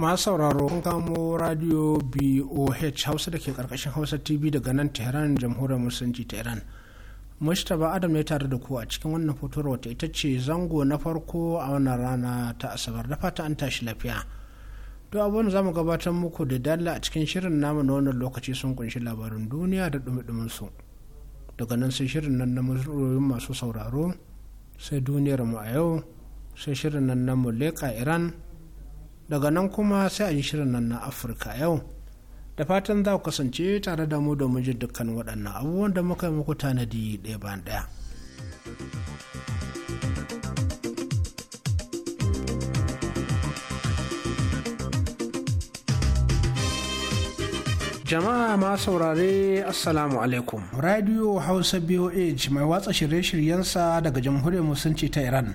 masu sauraro kun kamo radio boh hausa da ke karkashin hausa tv daga nan tehran jamhuriyar musulunci ta iran mustapha adam ne tare da ku a cikin wannan hoto wata ita ce zango na farko a wannan rana ta asabar da fata an tashi lafiya to abin za mu gabatar muku da dalla a cikin shirin namu na wannan lokaci sun kunshi labarin duniya da dumi su daga nan sai shirin nan na masu sauraro sai duniyar mu a yau sai shirin nan na muleka iran daga nan kuma sai a yi shirin nan na afirka yau da fatan za ku kasance tare da mu domin jin dukkan waɗannan abubuwan da muka yi muku tanadi ɗaya bayan ɗaya jama'a ma saurare assalamu alaikum radio hausa boh mai watsa shirye-shiryensa daga jamhuriyar musulunci ta iran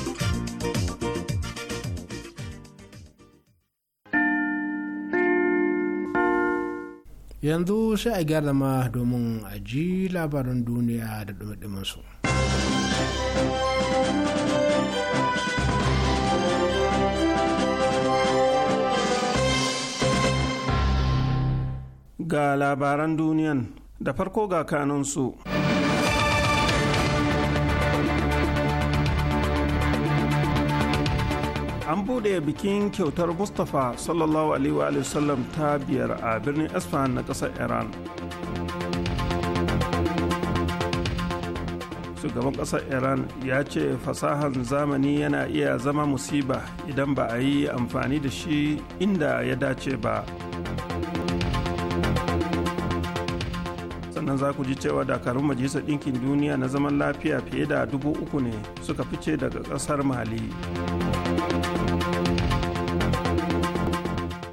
yanzu sai a gyara ma domin a ji labaran duniya da dumi su. ga labaran duniyan da farko ga kanunsu. su buɗe bikin kyautar mustapha sallallahu alaihi wa sallam ta biyar a birnin isfahan na ƙasar iran shugaban ƙasar iran ya ce fasahan zamani yana iya zama musiba idan ba a yi amfani da shi inda ya dace ba sannan za ku ji cewa dakarun majalisar ɗinkin duniya na zaman lafiya fiye da dubu uku ne suka fice daga ƙasar mali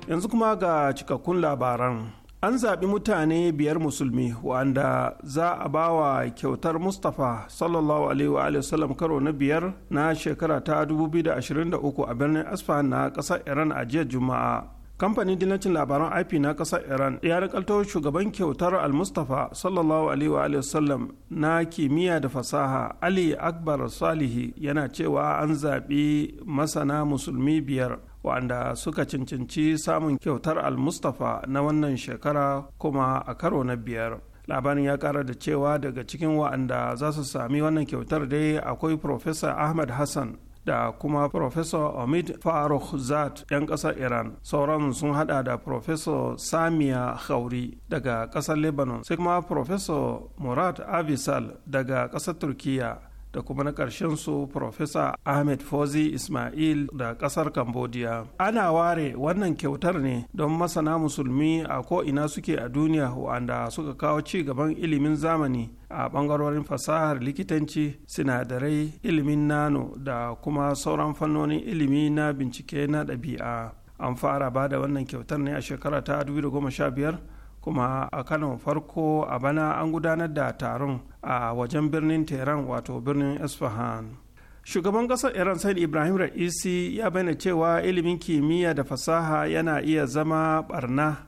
yanzu kuma ga cikakkun labaran an zaɓi mutane biyar musulmi wanda za a ba wa kyautar mustapha sallallahu alaihi wa wasallam karo na biyar na shekara ta 2023 a birnin Asfa na ƙasar iran a jiya juma'a kamfanin dinacin labaran ip na ƙasar iran ya rikalto shugaban kyautar al-mustapha sallallahu alaihi wa wasallam na kimiyya da fasaha ali akbar salihi yana cewa an zaɓi masana musulmi biyar wanda suka cincinci samun kyautar almustafa na wannan shekara kuma a karo na biyar labarin ya kara da cewa daga cikin wa'anda za su sami wannan kyautar dai akwai Profesa ahmad hassan da kuma Professor Omid Faruk zat 'yan ƙasar Iran. Sauran sun hada da Professor Samia Khauri daga ƙasar Lebanon, sai kuma Professor Murad Avisal daga ƙasar Turkiyya. da kuma na ƙarshen su Profesa Ahmed Fozi Ismail da ƙasar Cambodia. Ana ware wannan kyautar ne don masana musulmi a ko'ina suke a duniya wanda suka kawo ci gaban ilimin zamani a ɓangarorin fasahar likitanci, sinadarai, ilimin nano da kuma sauran fannonin ilimi na bincike na ɗabi'a. An fara ba da wannan kyautar ne a shekara ta 2015 kuma a kanon farko a bana an gudanar da taron a wajen birnin tehran wato birnin isfahan shugaban ƙasar iran sai ibrahim ra'isi ya bayyana cewa ilimin kimiyya da fasaha yana iya zama barna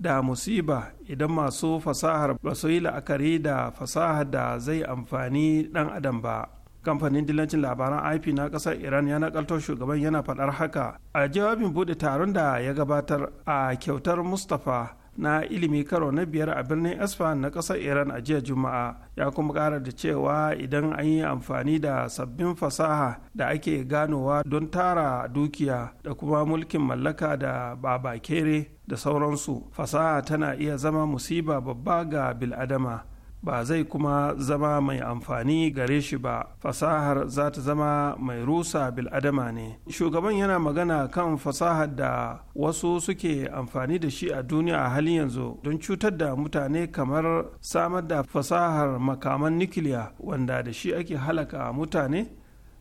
da musiba idan masu fasahar ba su yi la'akari da fasahar da zai amfani ɗan adam ba kamfanin dillancin labaran ip na kasar iran ya nakaltar shugaban yana faɗar haka a jawabin buɗe taron da ya gabatar a kyautar mustapha na ilimi karo na biyar a birnin asfahan na kasar iran a jiya juma'a ya kuma kara da cewa idan an yi amfani da sabbin fasaha da ake ganowa don tara dukiya da kuma mulkin mallaka da babakere da sauransu fasaha tana iya zama musiba babba ga biladama ba zai kuma zama mai amfani gare shi ba fasahar za ta zama mai rusa biladama ne shugaban yana magana kan fasahar da wasu suke amfani da shi a duniya a halin yanzu don cutar da mutane kamar samar da fasahar makaman nukiliya wanda da shi ake halaka mutane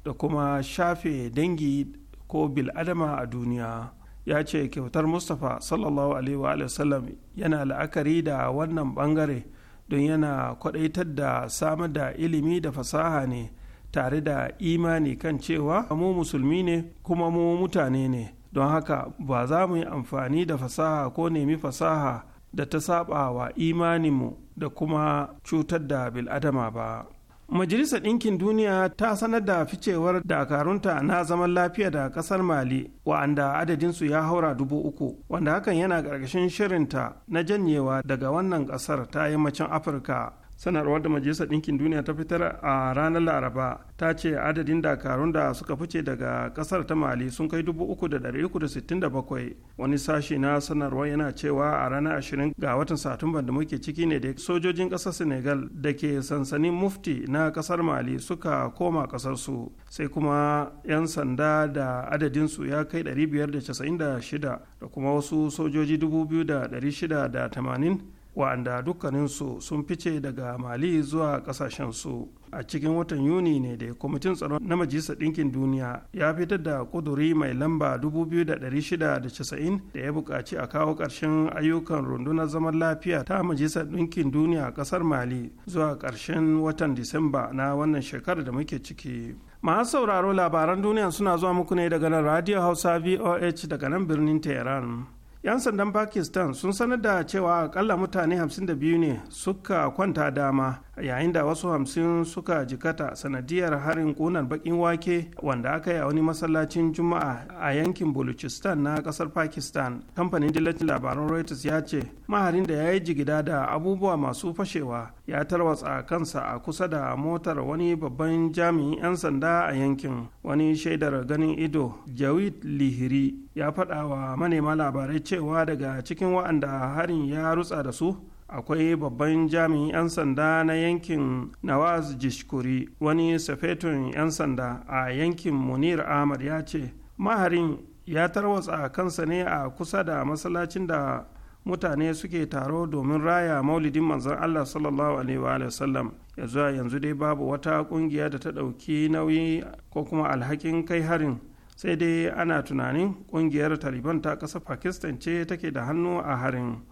da kuma shafe dangi ko biladama a duniya ya ce kyautar mustapha sallallahu alaihi wa sallam yana la'akari da wannan bangare don yana kwadaitar da samar da ilimi da fasaha ne tare da imani kan cewa mu musulmi ne kuma mu mutane ne don haka ba za mu yi amfani da fasaha ko nemi fasaha da ta saba wa imaninmu da kuma cutar da bil'adama ba. Majalisar Ɗinkin Duniya ta sanar da ficewar dakarunta na zaman lafiya da ƙasar Mali wa'anda su ya haura dubu uku, wanda hakan yana ƙarƙashin shirinta na janyewa daga wannan ƙasar ta yammacin Afirka. sanarwar da majalisar ɗinkin duniya ta fitar a ranar laraba ta ce adadin dakarun da suka fice daga ƙasar ta mali sun kai 3,367 wani sashi na sanarwar yana cewa a ranar 20 ga watan satumban da muke ciki ne da sojojin ƙasar senegal da ke sansanin mufti na ƙasar mali suka koma su sai kuma 'yan sanda da adadinsu ya kai 596 da kuma wasu sojoji 2,680 wa'anda dukkaninsu sun fice daga mali zuwa kasashensu a cikin watan yuni ne da kwamitin tsaron na majalisar ɗinkin duniya ya fitar da kuduri mai lamba 2690 da ya buƙaci a kawo ƙarshen ayyukan rundunar zaman lafiya ta majalisar ɗinkin duniya a ƙasar mali zuwa ƙarshen watan disamba na wannan shekarar da muke ciki masu sauraro labaran duniya suna zuwa muku ne daga nan radio hausa voh daga nan birnin teheran. 'yan sandan pakistan sun sanar da cewa akalla mutane 52 ne suka kwanta dama yayin da wasu hamsin suka jikata sanadiyar harin kunar bakin wake wanda aka yi a wani masallacin juma'a a yankin baluchistan na kasar pakistan kamfanin dillacin labaran reuters ya ce maharin da ya yi jigida da abubuwa masu fashewa ya tarwatsa kansa a kusa da motar wani babban jami'in 'yan sanda a yankin wani shaidar ganin ido jawid lihiri ya faɗa wa manema labarai cewa daga cikin wa'anda harin ya rutsa da su akwai babban jami'in 'yan sanda na yankin nawaz jishkuri wani safetun 'yan sanda a yankin munir ahmad ya ce maharin ya tarwatsa kansa ne a kusa da masallacin da mutane suke taro domin raya maulidin manzon Allah sallallahu alaihi wa sallam ya zuwa yanzu dai babu wata kungiya da ta ɗauki nauyi ko kuma alhakin kai harin sai dai ana tunanin kungiyar taliban ta ƙasar pakistan ce take da hannu a harin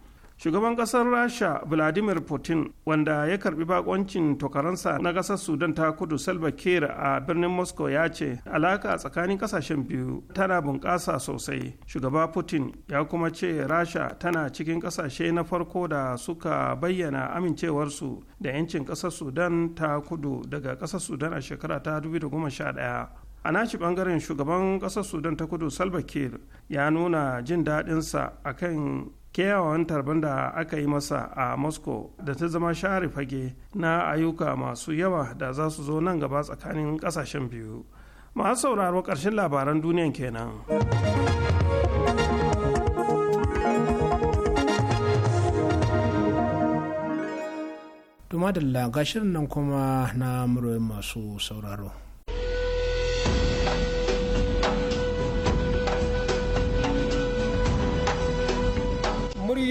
shugaban kasar rasha vladimir putin wanda ya karbi bakoncin tokaransa na kasar sudan ta kudu salva kiir a birnin moscow ya ce alaka tsakanin kasashen biyu tana bunƙasa sosai shugaba putin ya kuma ce rasha tana cikin kasashe na farko da suka bayyana amincewarsu da 'yancin kasar sudan ta kudu daga kasar sudan a shekara ta 2011 a nashi bangaren shugaban kasar sudan ta kudu salva ya nuna jin daɗinsa a kan kyawawan tarban da aka yi masa a moscow da ta zama share fage na ayyuka masu yawa da za su zo nan gaba tsakanin kasashen biyu masu sauraro ƙarshen labaran duniyan kenan tuma da nan kuma na murai masu sauraro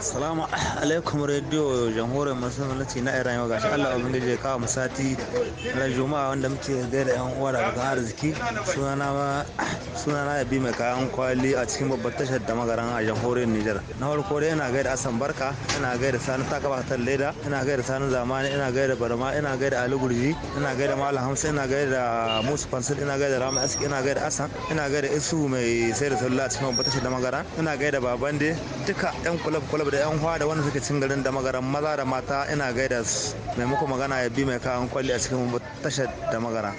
Salamu alaikum radio jamhuriyar musulunci na Iran yau gashi Allah ubangiji ya kawo musati na juma'a wanda muke gaida yan uwa da ga arziki suna na yabi mai kayan kwali a cikin babbar tashar da magaran a jamhuriyar Nijar. Na farko dai ina gaida Asan Barka, ina gaida Sani Takabatar Leda, ina gaida Sani Zamani, ina gaida Barma, ina gaida Ali Gurji, ina gaida Malam Hamsa, ina gaida Musu Fansil, ina gaida Rama Aski, ina gaida Asan, ina gaida Isu mai sai da sallah a cikin babbar tashar da magaran, ina gaida Babande, duka yan kula kulab kulab da yan hwa da wanda suke cin garin da magaran maza da mata ina gaida su maimako magana ya bi mai kayan kwalli a cikin tashar da magara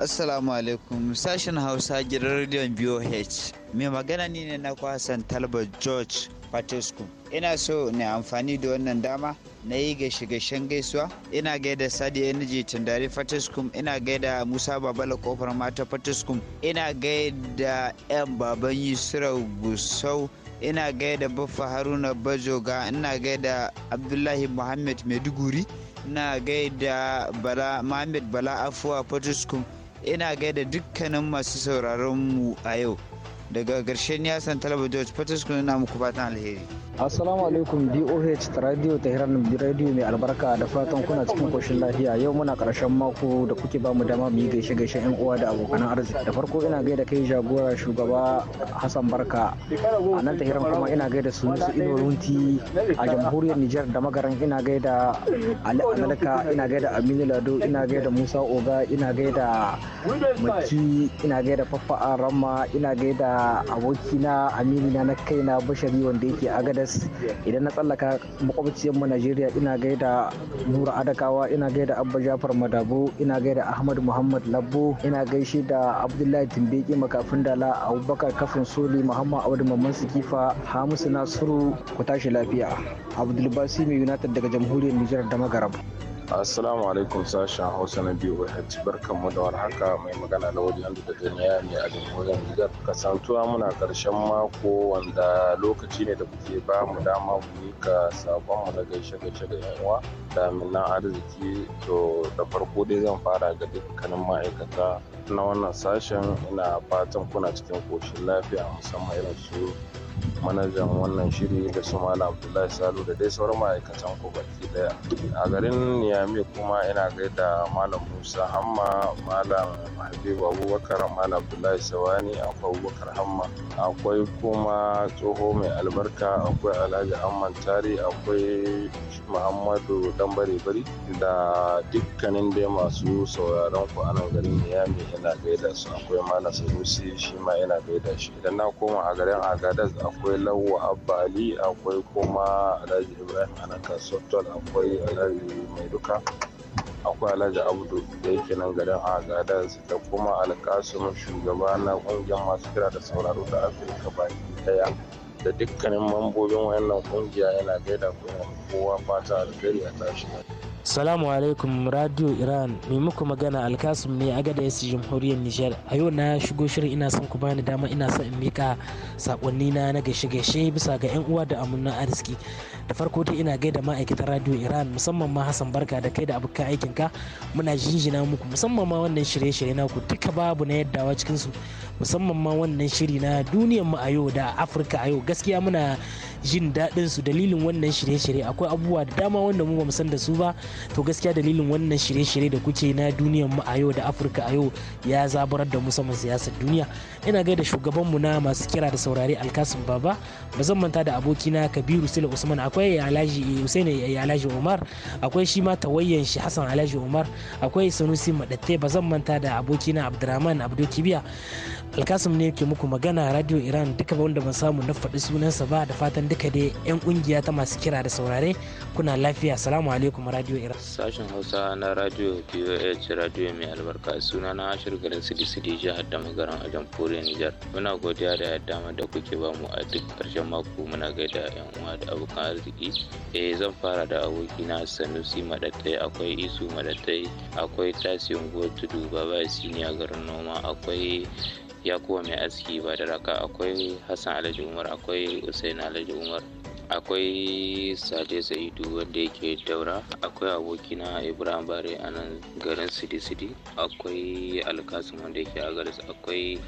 Assalamu alaikum sashen Hausa gidan rediyon BOH. Mai magana ne na kwasan Talba George Patescu. Ina so ne amfani da wannan dama na yi ga shigashen gaisuwa. Ina gaida Sadi Energy Tundari Patescu. Ina gaida Musa Babala Kofar Mata Patescu. Ina gaida 'yan baban Yusra Gusau. Ina gaida Baffa Haruna Bajoga. Ina gaida Abdullahi Muhammad Maiduguri. Ina gaida Bala Muhammad Bala Afuwa Patescu. ina gaida dukkanin masu sauraron mu a yau daga ƙarshen niyasan talabijin kun na muku fatan alheri assalamu alaikum boh ta radio ta hiran radio mai albarka da fatan kuna cikin koshin lafiya yau muna karshen mako da kuke bamu dama mu yi gaishe gaishe yan uwa da abokan arziki da farko ina gaida kai jagora shugaba hassan barka a nan ta hiran kuma ina gaida su nusu ino runti a jamhuriyar niger da magaran ina gaida ali amalka ina gaida aminu lado ina gaida musa oga ina gaida maki ina gaida faffa ramma ina gaida abokina aminu na kai na bashari wanda yake agadas idan na tsallaka makwabciyarmu najeriya ina gaida nura adakawa ina gaida abba jafar madabo ina gaida ahmad muhammad labbo ina gaishe da abdullahi timbeki makafin dala abubakar kafin soli muhammad abdu mamman kifa hamisu nasiru ku tashi lafiya abdulbasi mai united daga jamhuriyar nijar da magaram Assalamu alaikum sashen Hausa na biyu barkan barkanmu da wani haka mai magana da wajen da ta ne a jamhuriyar Nijar. Kasantuwa muna karshen mako wanda lokaci ne da kuke ba mu dama mu yi ka sabon mu na gaishe gaishe da yan uwa da minna arziki to da farko dai zan fara ga dukkanin ma'aikata na wannan sashen ina fatan kuna cikin koshin lafiya musamman irin su manajan wannan shiri da su malam abdullahi salu da dai sauran ma'aikatan ku baki daya a garin niyami kuma ina gaida malam musa hamma malam habibu abubakar malam abdullahi sawani akwai abubakar hamma akwai kuma tsoho mai albarka akwai alhaji amman tari akwai muhammadu dan bari bari da dukkanin dai masu sauraron ku a nan garin niyami ina gaida su akwai malam sanusi shi ma ina gaida shi idan na koma a garin agadez akwai lawa abbali akwai kuma alhaji ibrahim anaka software akwai alhaji mai duka akwai alhaji abdu da yake nan garin agadas da kuma alkasum shugaba na kungiyar masu kira da sauraro da afirka baki daya da dukkanin mambobin wayannan kungiya yana gaida kuma kowa fata alheri a tashi Salamu alaikum Radio Iran mai muku magana Alkasum ne a gada yasi jamhuriyar Nijar. A yau na shigo shirin ina son ku bani dama ina son in mika sakonni na na gaishe gaishe bisa ga yan uwa da amunan arziki. Da farko dai ina gaida ma'aikatan Radio Iran musamman ma Hassan Barka da kai da abokan aikin ka muna jinjina muku musamman ma wannan shirye-shirye ku duka babu na yaddawa cikin su musamman ma wannan shiri na duniyar mu a yau da Afirka a yau gaskiya muna jin daɗin su dalilin wannan shirye-shirye akwai abubuwa da dama wanda mu bamu san da su ba to gaskiya dalilin wannan shirye-shirye da kuke na duniyar mu a yau da Afirka a yau ya zaburar da mu saman siyasar duniya ina gaida shugaban mu na masu kira da saurare Alkasim Baba bazan zan manta da abokina Kabiru Sule Usman akwai Alhaji Hussein eh, Alhaji Umar akwai shi ma tawayyan shi Hassan Alhaji Umar akwai Sanusi Madatte bazan manta da abokina Abdurrahman Abdul Kibiya alkasim ne ke muku magana radio iran duka wanda ban samu na faɗi sunansa ba da fatan duka da yan ƙungiya ta masu kira da saurare kuna lafiya salamu alaikum radio iran sashen hausa na radio boh radio mai albarka suna na ashir garin sidi sidi jihar da magaran a jamhuriyar nijar muna godiya da dama da kuke ba mu a duk karshen mako muna gaida yan uwa da abokan arziki eh zan fara da abokina sanusi madatai akwai isu madatai akwai tasiyon tudu baba siniya garin noma akwai ya kuwa mai aski ba da raka akwai hassan alhaji umar akwai usain alhaji umar akwai sade sa'idu wanda yake daura akwai abokina ibrahim bare a nan garin sidi-sidi akwai alkasim wanda yake agaris akwai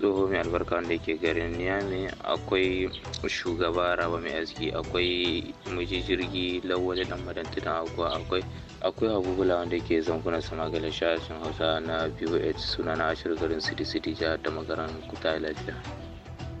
tsoho mai albarka wanda yake garin niamey akwai shugaba raba mai aski akwai muji jirgi lawali dan madantina agwa akwai akwai abubuwa wanda ke zankunan samagali shashin hausa na boh suna na ashirin garin city city jihar da magaran kuta lafiya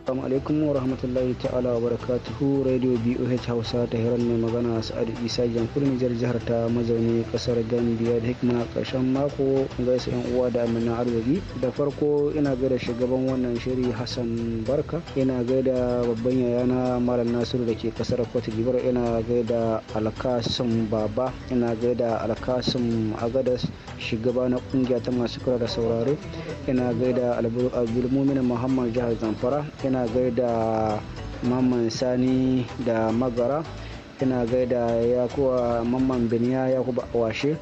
assalamu alaikum wa rahmatullahi ta'ala wa barakatuhu radio boh hausa ta hiran mai magana sa'adu isa jamhuriyar nijar jihar ta mazauni kasar gambia da hikima karshen mako gaisa yan uwa da amina arziki da farko ina gaida shugaban wannan shiri hassan barka ina gaida babban yayana malam nasiru da ke kasar cote d'ivoire ina gaida alkasim baba ina gaida alkasim agadas shugaba na kungiya ta masu kula da saurare ina gaida abdulmumin muhammad jihar zamfara yana gaida mamman sani da magara yana gaida kuwa mamman biniya yakuba washe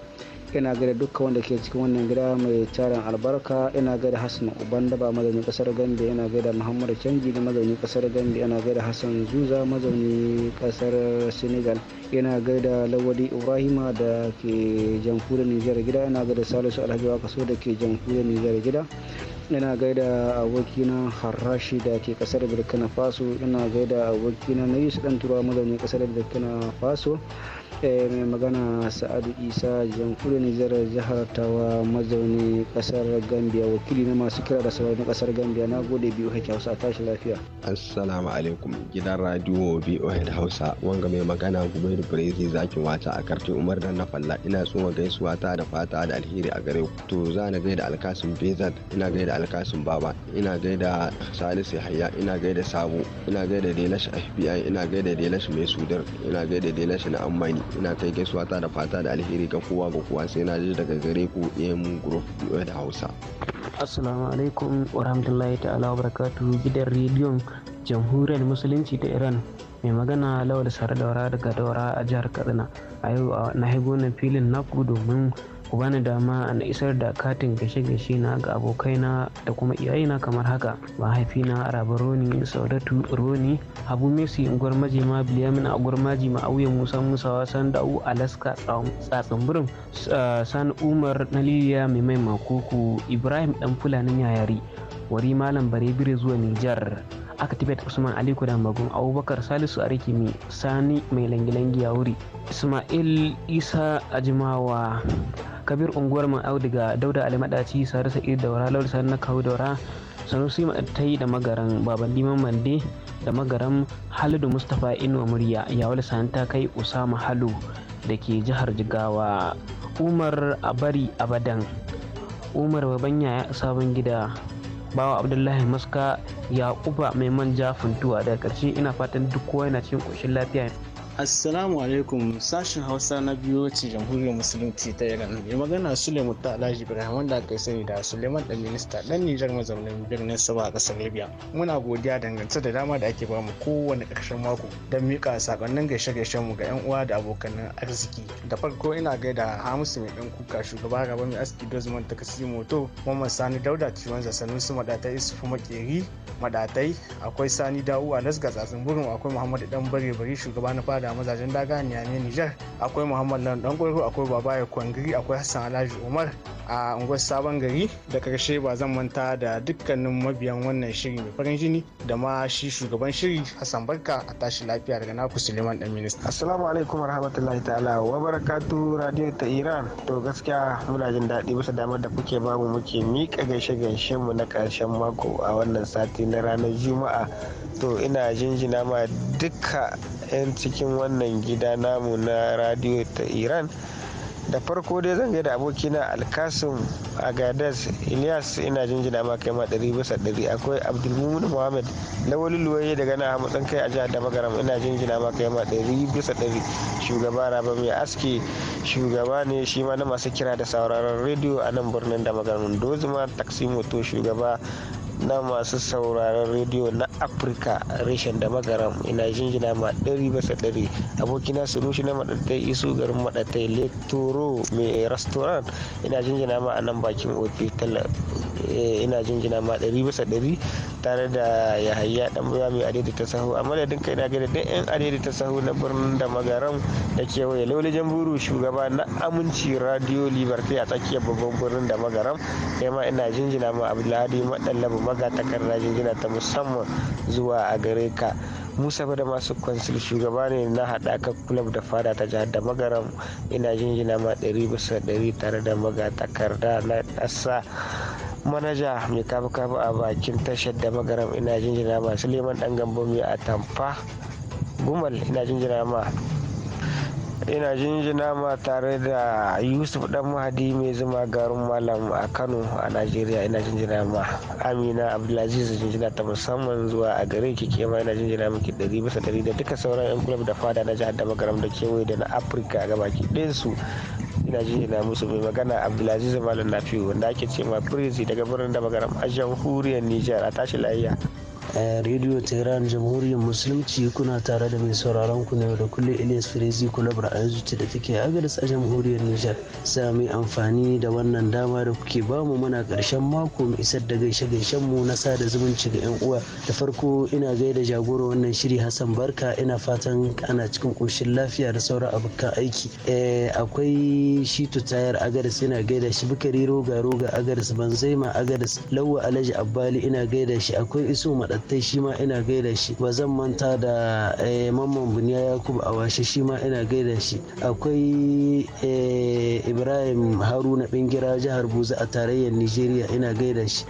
yana gaida duka wanda ke cikin wannan gida mai tarin albarka yana gaida hassan uban daba mazaunin kasar gambia yana gaida muhammadu canji da mazaunin kasar gambia yana gaida hassan zuza mazaunin kasar senegal yana gaida lawali ibrahima da ke jamhuriyar nijar gida yana gaida salisu alhaji wa kaso da ke jamhuriyar nijar gida ina gaida abokina harashi da ke kasar burkina faso ina gaida abokina na su dan turawa mazaunin kasar burkina faso eh, mai magana sa'adu isa jamhuriyar nijar jihar tawa mazaunin kasar gambia wakili na masu kira da sauran kasar gambia na gode biyu hake hausa a tashi lafiya assalamu alaikum gidan radio biyu hausa wanga mai magana gumai Muhammadu Firezi zakin wata a karfe Umar dan na falla ina tsoma gaisuwa ta da fata da alheri a gare ku. To za na gaida Alkasim Bezan ina gaida Alkasim Baba ina gaida Salisu Yahaya ina gaida Sabo ina gaida Delash FBI ina gaida Delash Mai Sudar ina gaida Delash na Ammani ina kai gaisuwa ta da fata da alheri ga kowa ga kowa sai na ji daga gare ku AM Group da Hausa. Assalamu alaikum wa rahmatullahi ta'ala wa barakatuhu gidan rediyon Jamhuriyar Musulunci ta Iran mai magana lawal sare daura daga daura a jihar katsina a yau na haigo na filin naku domin ku bani dama na isar da katin gashe-gashe na ga abokaina da kuma iyayena kamar haka mahaifina araba roni saudatu roni abu mesi unguwar ma biliyamin unguwar maji auya musa musawa sandau alaska tsatsamburin san umar na liliya mai mai makoko ibrahim dan fulanin yayari wari malam bare bire zuwa nijar Akatibet Usman ali kudan Magun Abubakar Salisu Arikimi Sani Mai Langilangi wuri Ismail Isa Ajimawa Kabir Unguwar Mai daga Dauda Alimadaci Sare Sa'id Daura Lawal Sani na Kawu Daura sanusi yi da magaran baban liman mande da magaran halidu mustapha inuwa murya ya sani ta kai usama halu da ke jihar jigawa umar abari abadan umar babban yaya sabon gida bawa abdullahi maska yakuba mai manja funtuwa daga ƙarshe ina fatan duk kowa yana cikin ƙoshin lafiya Assalamu alaikum sashen Hausa na biyo ce jamhuriyar musulunci ta Iran. Mai magana Suleiman mutu Alhaji Ibrahim wanda aka sani da Suleiman dan minista dan Nijar mazaunin birnin Saba a kasar Libya. Muna godiya dangance da dama da ake bamu kowane karshen mako don mika sakonnin gaishe-gaishen mu ga yan uwa da abokan arziki. Da farko ina gaida Hamisu mai dan kuka shugaba gaba mai aski Dozman ta moto Moto Muhammad Sani Dauda Ciwon zasanin su madata Isufu Makeri madatai akwai sani dawu a nasga tsatsin burin akwai muhammadu dan bare bari shugaba na fada mazajen daga niyame nijar akwai muhammad nan dan akwai ya kwangiri akwai hassan alhaji umar a unguwar sabon gari da karshe ba zan manta da dukkanin mabiyan wannan shiri mai farin jini da ma shi shugaban shiri hassan barka a tashi lafiya daga naku suleiman dan minista assalamu alaikum warahmatullahi ta'ala wa barakatu radio ta iran to gaskiya muna jin daɗi bisa damar da kuke bamu muke miƙa gaishe gaishe mu na karshen mako a wannan sati na ranar juma'a to ina jinjina ma duka 'yan cikin wannan gida namu na radio ta iran da farko dai zan gaida abokina alkasim agadas ilyas ina jinjina ma kai ma ɗari bisa ɗari akwai abdulmumin muhammad lawali luwaye daga na hamu kai a jihar da magaram ina jinjina ma kai ma ɗari bisa ɗari shugaba raba mai aski shugaba ne shi ma na masu kira da sauraron rediyo a nan birnin da magaram dozuma taksimoto shugaba na masu sauraron rediyo na afirka reshen da magaram ina jinjina ma ɗari bisa ɗari abokina surushi na maɗatai isu garin maɗatai leturo mai restaurant ina jinjina ma a nan bakin ofital eh, ina jinjina ma ɗari bisa ɗari tare da yahaya ɗan buya mai adadi ta sahu a madadin kai na gada ɗan yan adadi ta sahu na birnin da magaram da kewaye laulajen buru shugaba na aminci radio liberty a tsakiyar babban birnin da magaram kai ma ina jinjina ma abdulhadi labu magatakarda jinjina ta musamman zuwa a gare ka musa da masu kwansil shugaba ne na haɗakar kulab da fada ta jihar da magaram ina jinjina ma ɗari tare da magatakarda na ƙasa manaja mai kafa kafa a bakin tashar da magaram ina jinjina ma suleiman ɗan gambo a tampa gumal ina jinjina ma ina jinjina ma tare da yusuf dan mahadi mai zuma garin malam a kano a najeriya ina jinjina ma amina abdulaziz jinjina ta musamman zuwa a gare ki ke ma ina jinjina miki ɗari bisa ɗari da duka sauran yan club da fada na jihar da magaram da kewaye da na afirka a gabaki su ina jinjina musu mai magana abdulaziz malam nafiu wanda ake ce ma prezi daga birnin da magaram a jamhuriyar nijar a tashi lahiya. Eh, radio tehran jamhuriyar musulunci kuna tare da mai sauraron ku ne da kullum ilyas firezi kulabra a yanzu da take a agaris a jamhuriyar nijar sami amfani da wannan dama da kuke bamu muna karshen mako mu isar da gaishe gaishen mu na sada zumunci ga yan uwa da farko ina gaida jagoro wannan shiri hassan barka ina fatan ana cikin koshin lafiya da sauran abokan aiki eh, akwai shitu tayar agaris ina gaida shi bukari roga roga agadas banzaima agadas lawa alhaji abbali ina gaida shi akwai iso madattai shi ma ina gaida shi ba zan manta da eh, mamman buniya yakubu awashe shi ma ina gaida shi akwai eh, ibrahim haruna bingira jihar buza a tarayyar nigeria eh, ina gaida shi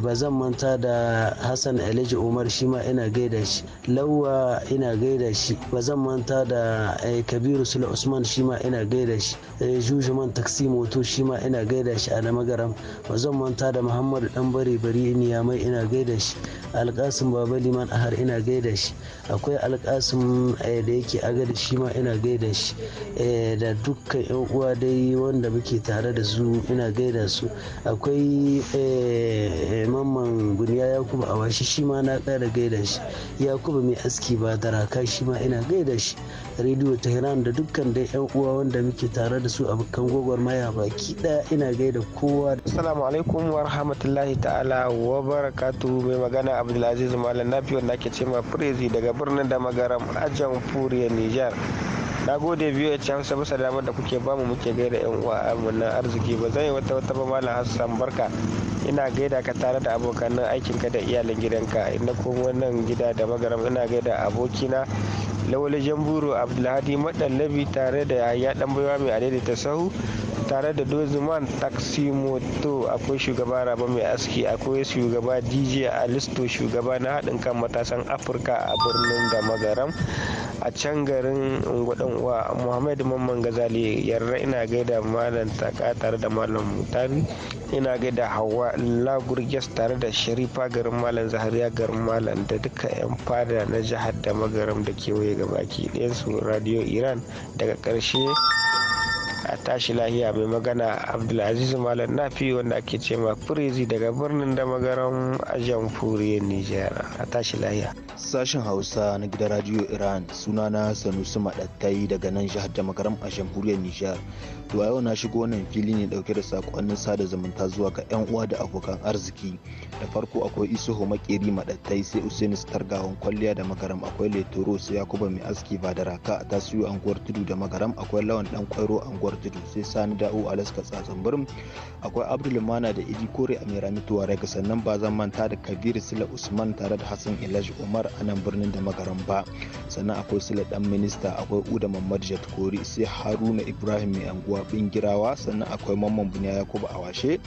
ba zan manta da hassan alhaji umar shi ma ina gaida shi lawa ina gaida shi ba zan manta da kabiru sula usman shi ma ina gaida shi jujuman taksi moto shi ma ina gaida shi a damagaram ba zan manta da muhammadu dan bari bari niyamai ina gaida shi alƙali alkasim baba liman ahar ina gaida shi akwai alƙasim eh, da yake agada shi ma ina gaida shi eh, da dukkan yan uwa dai wanda muke tare da su ina gaida su akwai eh, mamman guniya ya kuma awashi shi ma na kara gaida shi kuma mai aski ba daraka shi ma ina gaida shi rediyo tehran da dukkan da yan uwa wanda muke tare da su a bukan maya baki daya ina gaida kowa assalamu alaikum wa rahmatullahi ta'ala wa barakatuh mai magana abdulaziz malam nafi wanda ake ce ma prezi daga birnin da magaram ajan furiya nijar na gode biyu ya hausa bisa damar da kuke bamu muke gaida yan uwa mu na arziki ba zan yi wata wata ba malam hassan barka ina gaida ka tare da abokanan aikinka da iyalin gidanka inda komo wannan gida da magaram ina gaida abokina lawali jamburu abdulhadi madallabi tare da yahaya dan baiwa mai adaidaita sahu tare da dozuman taxi moto akwai shugaba raba mai aski akwai shugaba dj a alisto shugaba na haɗin kan matasan afirka a birnin da magaram a can garin ungwadon uwa muhammad mamman gazali yarra ina gaida malam taka tare da malam mutari ina gaida hawa lagurges tare da sharifa garin malam zahariya garin malam da duka yan fada na jihar da magaram da kewaye gabaki su radio iran daga ƙarshe a tashi lahiya mai magana abdulaziz malam nafi wanda ake ce ma firizi daga birnin da magaran ajan furiye nijar a tashi lahiya sashen hausa na gidan radio iran suna na sanusi madattai daga nan jihar da magaran ajan furiye nijar to yau na shigo wannan fili ne dauke da sakonnin sada zumunta zuwa ga yan uwa da abokan arziki da farko akwai isuhu makeri madattai sai usaini stargawan kwalliya da magaram akwai letoro sai yakuba mai aski ba da raka a tasiri anguwar tudu da magaram akwai lawan dan kwairo anguwar sai sani da'u alaska tsatsan birnin akwai abdul da idi kore a merami tuwareg sannan ba zan manta da kabir sila usman tare da hassan ilaj umar a nan birnin da magaran ba sannan akwai sila dan minista akwai uda mamad kori sai haruna ibrahim mai anguwa bingirawa sannan akwai mamman buniya yakubu washe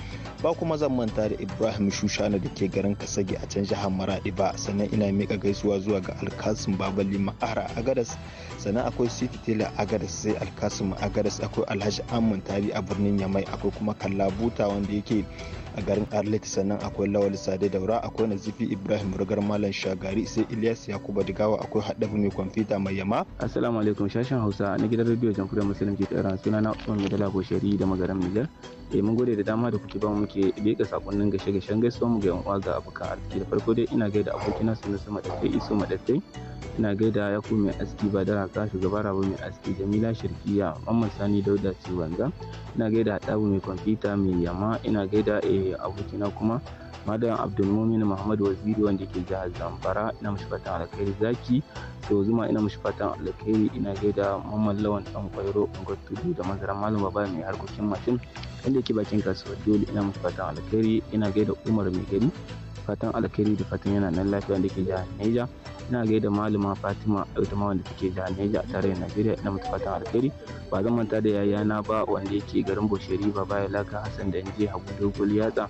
ba kuma zan manta da ibrahim shushana da ke garin kasage a can jihar maradi ba sannan ina mika gaisuwa zuwa ga alkasim babali ma'ara agadas sannan akwai sifitila a agadas sai alkasim agadas akwai alhaji amman tari a birnin yamai akwai kuma kalla buta wanda yake a garin arlet sannan akwai lawal sade daura akwai nazifi ibrahim rugar malam shagari sai ilyas yakuba digawa akwai haɗabu mai kwamfuta mai yama assalamu alaikum sashen hausa na gidan rediyo jamhuriyar musulunci tsara suna na usman madala boshari da magaran nijar eh mun gode da dama da kuke ba mu muke beka sakonnin gashe gashen gaisuwa mu ga yan uwa ga abuka arziki da farko dai ina gaida abokina na su madaddai iso madaddai ina gaida yaku mai aski badara ka shugaba rabu mai aski jamila shirkiya mamman sani dauda ciwanza ina gaida haɗabu mai kwamfuta mai yama ina gaida eh abokina kuma madan abdulmumin muhammad waziri wanda ke jihar zamfara ina mashi fatan alkhairi zaki to zuma ina mashi fatan alkhairi ina gaida mamman lawan dan kwairo ungar da mazaran malam baba mai harkokin mashin inda yake bakin kasuwar dole ina mashi fatan alkhairi ina gaida umar mai gari fatan alkhairi da fatan yana nan lafiya da ke jihar Neja. ina gaida malama fatima ita wanda take jihar neja a tarayyar najeriya ina mata fatan alheri ba zan manta da yayana ba wanda yake garin bosheri ba baya laka hassan da je hagu dogon yatsa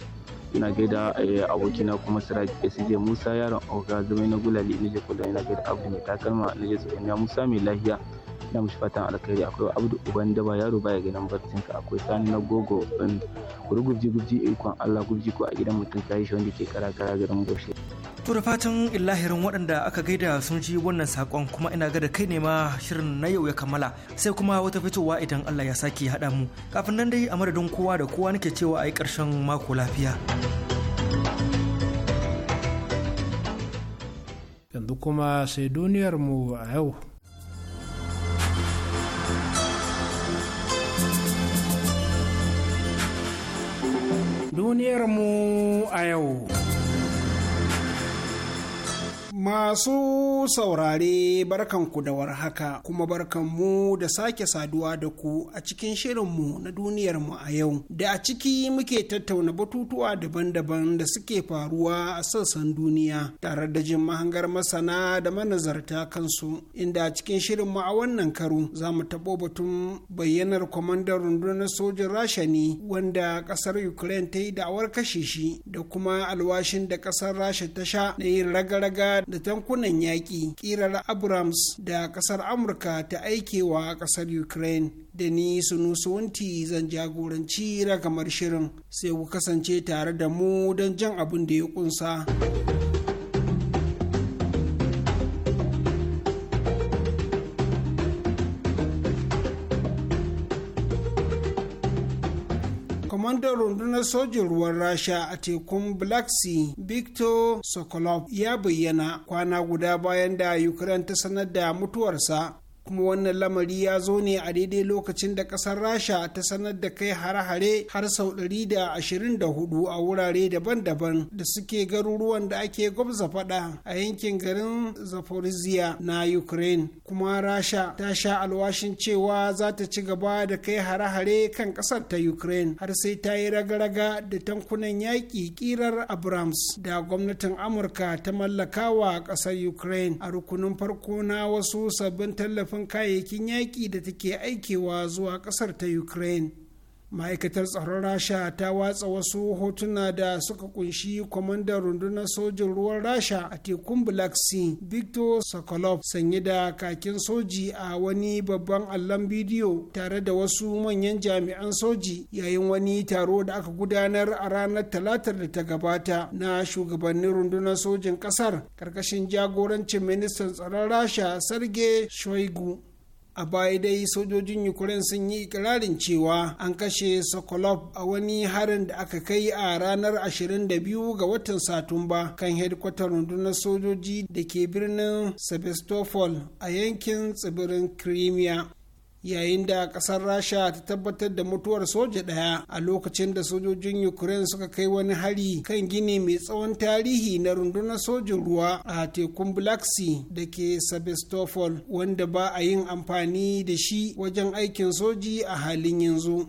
ina gaida eh, abokina kuma siraj sj musa yaron oga zama na gulali ina je kula ina gaida abu mai takalma ina je tsohon musa mai lahiya ina mishi fatan alkhairi akwai abdu uban daba yaro baya ganin ka akwai sani na gogo din kuri gubji gubji ikon allah gubji ko a gidan mutum kayi shi wanda ke kara garin goshe. to da fatan illahirin waɗanda aka gaida sun ji wannan sakon kuma ina ga da kai ne ma shirin na yau ya kammala sai kuma wata fitowa idan allah ya sake haɗa mu kafin nan dai a madadin kowa da kowa nake cewa a yi ƙarshen mako lafiya. yanzu kuma sai duniyarmu a yau duniyarmu a yau. Masu saurare barkanku da warhaka kuma barkanmu da sake saduwa da ku a cikin shirinmu na duniyarmu a yau da a ciki muke tattauna batutuwa daban-daban da suke faruwa a sassan duniya tare da jin mahangar masana da manazarta kansu inda a cikin shirinmu a wannan karo za mu taɓo batun bayyanar kwamandan rundunar sojin rasha ne wanda ƙasar ukraine ta yi da'awar kashe shi da kuma alwashin da ƙasar rasha ta sha na yin raga-raga da tankunan yaƙi ƙirar abrams da ƙasar amurka ta aikewa ƙasar ukraine da ni sunusuwanti zan jagoranci ragamar shirin sai ku kasance tare da mu don jan abin da ya ƙunsa. kwamandan rundunar sojin ruwan rasha a tekun black sea victor sokolov ya bayyana kwana guda bayan da ukraine ta sanar da mutuwarsa kuma wannan lamari ya zo ne a daidai lokacin da kasar rasha ta sanar da kai hare-hare har sau 124 a wurare daban-daban da suke garuruwan da ake gwabza faɗa a yankin garin zaporizhia na ukraine kuma rasha ta sha alwashin cewa za ta ci gaba da kai hare-hare kan kasar ta ukraine har sai ta yi raga-raga da tankunan yaƙi kirar abrams da gwamnatin amurka ta mallakawa wa ƙasar ukraine a rukunin farko na wasu sabbin tallafin kayayyakin yaƙi da take aikewa zuwa ƙasar ta ukraine ma'aikatar tsaron rasha ta watsa wasu hotuna da suka kunshi kwamandan rundunar sojin ruwan rasha a tekun black sea victor sokolov sanye da kakin soji a wani babban allon bidiyo tare da wasu manyan jami'an soji yayin wani taro da aka gudanar a ranar talatar da ta gabata na shugabannin rundunar sojin kasar karkashin jagorancin ministan tsaron rasha sergei shoigu a baya dai sojojin ukraine sun yi ikirarin cewa an kashe sokolov a wani harin da aka kai a ranar 22 ga watan satumba kan hedkwatar rundunar sojoji da ke birnin sebastopol a yankin tsibirin crimea yayin da kasar rasha ta tabbatar da mutuwar soja ɗaya a lokacin da sojojin ukraine suka kai wani hari kan gini mai tsawon tarihi na rundunar sojin ruwa a tekun black sea da ke sebastopol wanda ba a yin amfani da shi wajen aikin soji a halin yanzu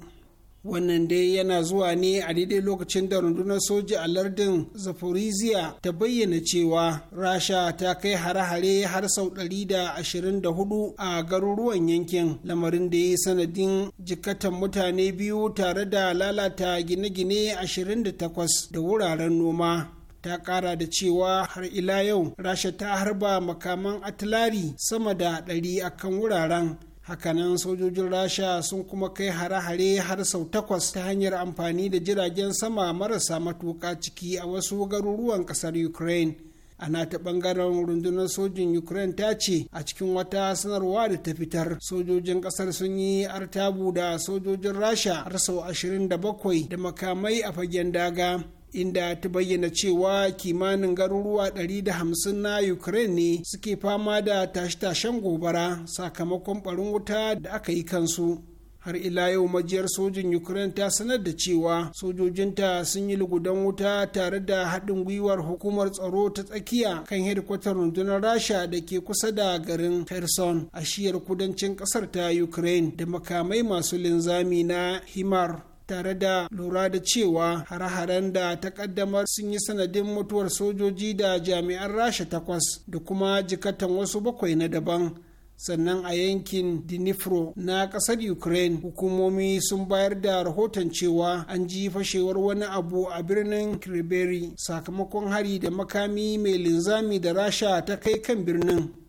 wannan dai yana zuwa ne a daidai lokacin da rundunar soja a lardin zaporizhia ta bayyana cewa rasha ta kai hare-hare har sau 124 a garuruwan yankin lamarin da ya sanadin jikatan mutane biyu tare da lalata gine-gine 28 da wuraren noma ta kara da cewa har ila yau rasha ta harba makaman atilari sama da 100 akan wuraren hakanan sojojin rasha sun kuma kai hare-hare har sau takwas ta hanyar amfani da jiragen sama marasa matuƙa ciki a wasu garuruwan ƙasar ukraine ana ta bangaren rundunar sojin ukraine ta ce a cikin wata sanarwa da ta fitar sojojin kasar sun yi artabu da sojojin rasha har sau 27 da makamai a fagen daga inda ta bayyana cewa kimanin garuruwa 150 na ukraine ne suke fama da tashe-tashen gobara sakamakon barin wuta da aka yi kansu har ila yau majiyar sojin ukraine ta sanar da cewa sojojinta sun yi lugudan wuta tare da haɗin gwiwar hukumar tsaro ta tsakiya kan hedikwatar rundunar rasha da ke kusa da garin kherson a shiyar kudancin ƙasar ta ukraine da makamai masu linzami na himar tare da lura da cewa hare-haren da ta kaddamar sun yi sanadin mutuwar sojoji da jami'an rasha takwas da kuma jikatan wasu bakwai na daban sannan a yankin Dnipro na ƙasar Ukraine hukumomi sun bayar da rahoton cewa an ji fashewar wani abu a birnin Kriberi sakamakon hari da makami mai linzami da rasha ta kai kan birnin.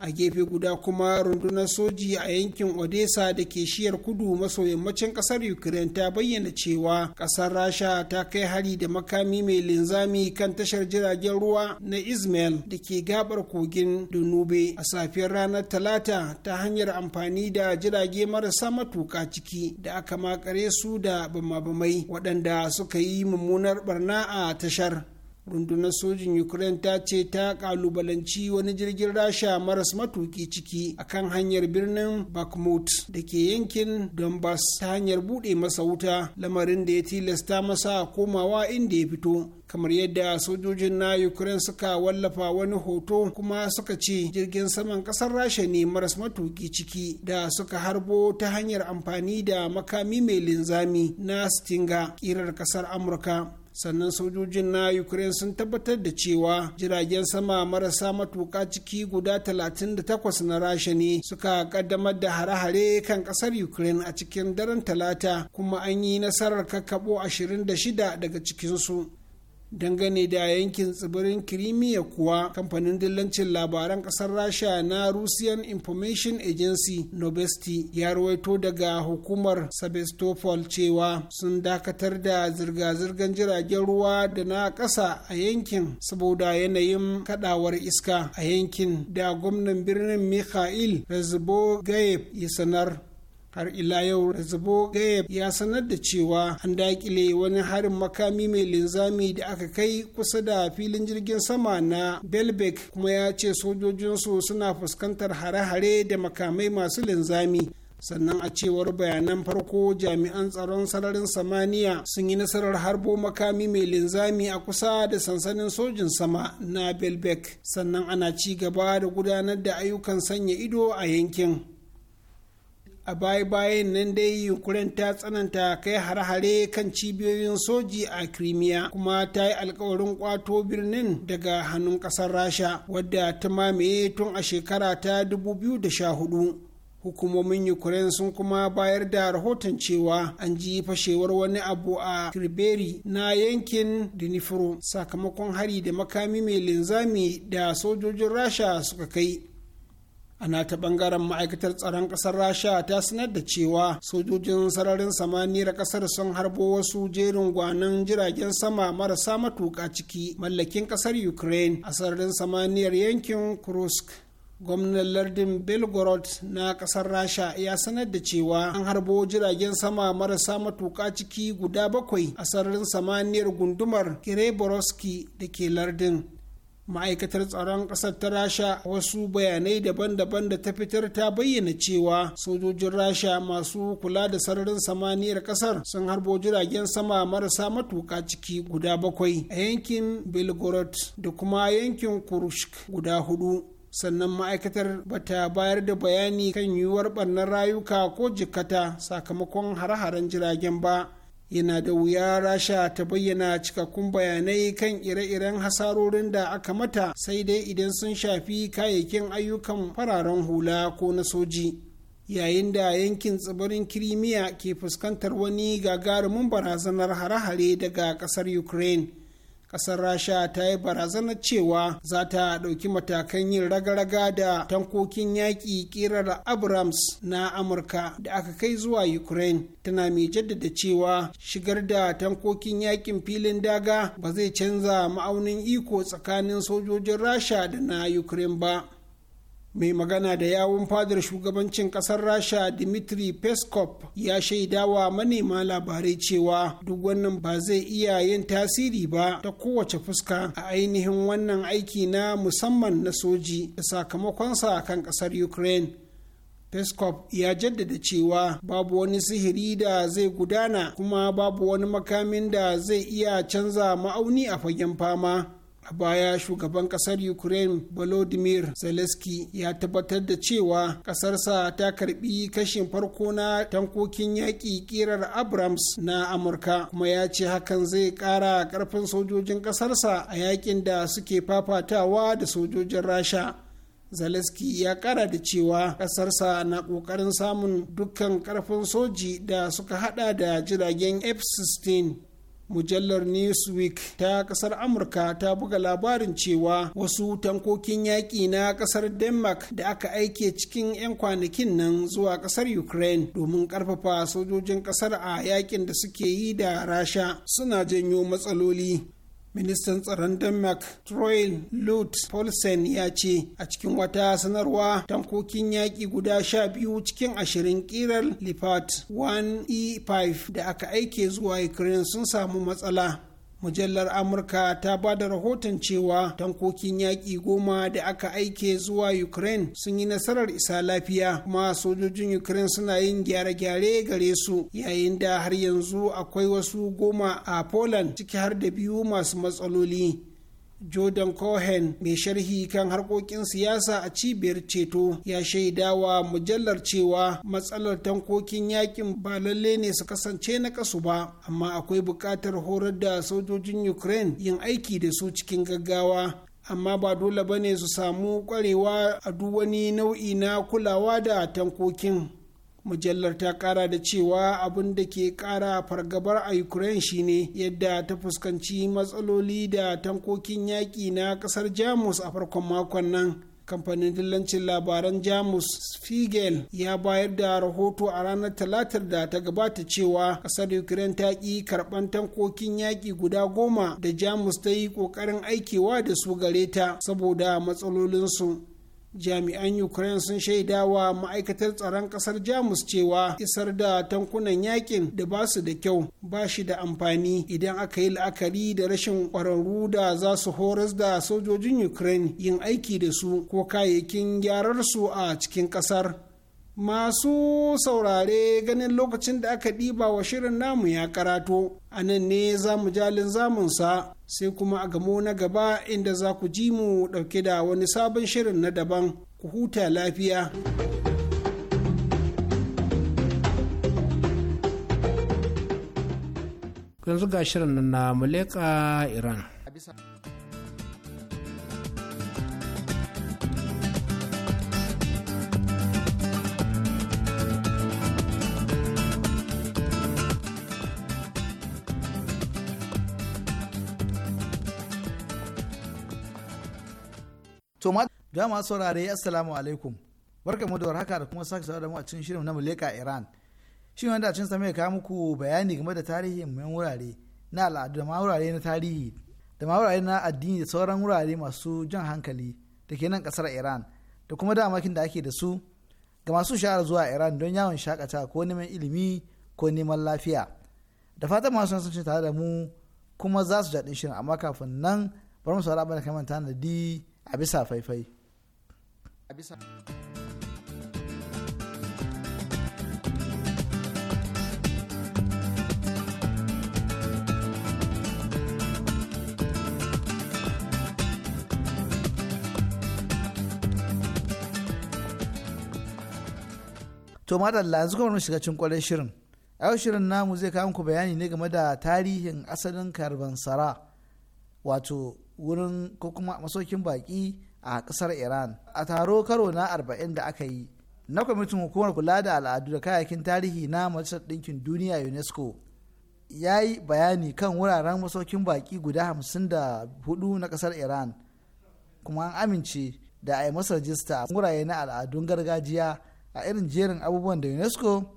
a gefe guda kuma rundunar soji a yankin odessa da ke shiyar kudu maso yammacin kasar ukraine ta bayyana cewa kasar rasha ta kai hari da makami mai linzami kan tashar jiragen ruwa na ismail da ke gabar kogin dunube a safiyar ranar talata ta hanyar amfani da jirage marasa matuka ciki da aka makare su da bama-bamai waɗanda suka yi mummunar barna a tashar rundunar sojin ukraine ta ce ta kalubalanci wani jirgin rasha maras matuki ciki akan hanyar birnin bakhmut da ke yankin donbass ta hanyar bude masa wuta lamarin da ya tilasta masa komawa inda ya fito kamar yadda sojojin na ukraine suka wallafa wani hoto kuma suka ce jirgin saman kasar rasha ne maras matuki ciki da suka harbo ta hanyar amfani da makami mai linzami na stinga kirar kasar amurka sannan sojojin na ukraine sun tabbatar da cewa jiragen sama marasa matuƙa ciki guda 38 na rasha ne suka kaddamar da hare-hare kan ƙasar ukraine a cikin daren talata kuma an yi nasarar kakkaɓo 26 daga cikinsu dangane da yankin tsibirin kirimiya kuwa kamfanin dillancin labaran kasar rasha na russian information agency Novosti ya rawaito daga hukumar sebastopol cewa sun dakatar da zirga-zirgar jiragen ruwa da na ƙasa a yankin saboda yanayin kadawar iska a yankin da gwamnan birnin mikhail gayev ya sanar har ila yau razabo gaya ya sanar da cewa an dakile wani harin makami mai linzami da aka kai kusa da filin jirgin sama na belbek kuma ya ce sojojinsu suna fuskantar hare-hare da makamai masu linzami sannan a cewar bayanan farko jami'an tsaron sararin samaniya sun yi nasarar harbo makami mai linzami a kusa da sansanin sojin sama na belbek sannan ana ci gaba da gudanar da ayyukan sanya ido a yankin a baya-bayan nan dai ukraine ta tsananta kai hare-hare kan cibiyoyin soji a crimea kuma ta yi alkawarin kwato birnin daga hannun kasar rasha wadda ta mamaye tun a shekara ta 2014 hukumomin ukraine sun kuma bayar da rahoton cewa an ji fashewar wani abu a kirberi na yankin dnipro sakamakon hari da makami mai linzami da sojojin rasha suka kai ana ta bangaren ma'aikatar tsaron ƙasar rasha ta sanar da cewa sojojin sararin samaniyar ƙasar sun harbo wasu jerin gwanon jiragen sama marasa matuƙa ciki mallakin ƙasar ukraine a sararin samaniyar yankin kursk gwamnan lardin belgorod na ƙasar rasha ya sanar da cewa an harbo jiragen sama marasa matuƙa ciki guda bakwai a sararin samaniyar gundumar Kireborowski da ke lardin ma'aikatar tsaron ƙasar ta rasha wasu bayanai daban-daban da ta fitar ta bayyana cewa sojojin rasha masu kula da sararin samaniyar ƙasar sun harbo jiragen sama marasa matuƙa ciki guda bakwai a yankin belgorod da kuma yankin kurushk guda hudu sannan ma'aikatar bata bayar da bayani kan yiwuwar ɓarnar rayuka ko jikata sakamakon hare-haren jiragen ba yana da wuya rasha ta bayyana cikakkun bayanai kan ire-iren hasarorin da aka mata sai dai idan sun shafi kayayyakin ayyukan fararen hula ko na soji yayin da yankin tsibirin kirimiya ke fuskantar wani gagarumin barazanar hare-hare daga kasar ukraine kasar rasha ta yi barazana cewa za ta ɗauki matakan yin raga-raga da tankokin yaƙi ƙirar abrams na amurka da aka kai zuwa ukraine tana mai jaddada cewa shigar da tankokin yaƙin filin daga ba zai canza ma'aunin iko tsakanin sojojin rasha da na ukraine ba mai magana da yawun fadar shugabancin kasar rasha dimitri peskov ya shaidawa manema labarai cewa duk wannan ba zai iya yin tasiri ba ta kowace fuska a ainihin wannan aiki na musamman na soji da sakamakonsa kan kasar ukraine Peskov ya jaddada cewa babu wani sihiri da zai gudana kuma babu wani makamin da zai iya canza ma'auni a fagen fama. a baya shugaban kasar ukraine volodymyr zelensky ya tabbatar da cewa kasarsa ta karbi kashin farko na tankokin yaƙi kirar abrams na amurka kuma ya ce hakan zai ƙara ƙarfin sojojin ƙasarsa a yakin da suke fafatawa da sojojin rasha Zaleski ya kara da cewa ƙasarsa na ƙoƙarin samun dukkan ƙarfin soji da suka hada da jiragen F-16 mujallar newsweek ta kasar amurka ta buga labarin cewa wasu tankokin yaƙi na kasar denmark da aka aike cikin 'yan kwanakin nan zuwa kasar ukraine domin karfafa sojojin kasar a yakin da suke yi da rasha suna janyo matsaloli ministan tsaron denmark troy lut polsen ya ce a cikin wata sanarwa tankokin yaƙi guda sha biyu cikin ashirin kiran lipat 1e5 da aka aike zuwa ukraine sun samu matsala mujallar amurka ta ba da rahoton cewa tankokin yaƙi goma da aka aike zuwa ukraine sun yi nasarar isa lafiya kuma sojojin ukraine suna yin gyare-gyare gare su yayin da har yanzu akwai wasu goma a poland ciki har da biyu masu matsaloli Jordan Cohen mai sharhi kan harkokin siyasa a cibiyar ceto ya shaidawa mujallar cewa matsalar tankokin yakin ba lalle ne su kasance na kasu ba amma akwai buƙatar horar da sojojin Ukraine yin aiki da su cikin gaggawa amma ba dole ba ne su samu kwarewa a duk wani nau'i na kulawa da tankokin mujallar ta kara da cewa abin da ke kara fargabar a ukraine shine yadda ta fuskanci matsaloli da tankokin yaƙi na ƙasar jamus a farkon makon nan kamfanin dillancin labaran jamus spiegel ya bayar da rahoto a ranar talatar da ta gabata cewa kasar ukraine ta ƙi karɓan tankokin yaƙi guda goma da jamus ta yi ƙoƙarin aikewa da su gare ta saboda matsalolinsu jami'an ukraine sun shaida wa ma'aikatar tsaron kasar jamus cewa isar da tankunan yakin da ba su da kyau ba shi da amfani idan aka yi la'akari da rashin kwararru da za su horas da sojojin ukraine yin aiki da su ko kayayyakin gyarar su a cikin kasar masu saurare ganin lokacin da aka ɗiba wa shirin namu ya karato a nan ne zamu jalin zamunsa sai kuma a gamo na gaba inda za ku ji mu ɗauke da wani sabon shirin na daban ku huta lafiya. yanzu ga shirin na muleka iran da masu saurare assalamu alaikum barkamu da warhaka da kuma sake saurare da mu a cikin shirin na muleka iran Shi wanda cin samai kawo muku bayani game da tarihin muhimman wurare na al'adu da ma wurare na tarihi da ma wurare na addini da sauran wurare masu jan hankali da ke nan kasar iran da kuma damakin da ake da su ga masu shahara zuwa iran don yawon shakata ko neman ilimi ko neman lafiya da fatan masu sun tare da mu kuma za su jaɗin shirin amma kafin nan bari mu saurara bana kamar tanadi a bisa faifai. a bisa To madalla yanzu kuma mu shiga cikin kwarai shirin. Yau shirin namu zai kawo muku bayani ne game da tarihin asalin Karban Sara wato wurin ko kuma masaukin baki a kasar iran a taro karo na arba'in da aka yi na kwamitin hukumar kula da al'adu da kayayyakin tarihi na majalisar ɗinkin duniya unesco ya yi bayani kan wuraren masaukin baƙi guda hamsin 54 na kasar iran kuma an amince da a yi masa rajista a wurare na al'adun gargajiya a irin jerin abubuwan da unesco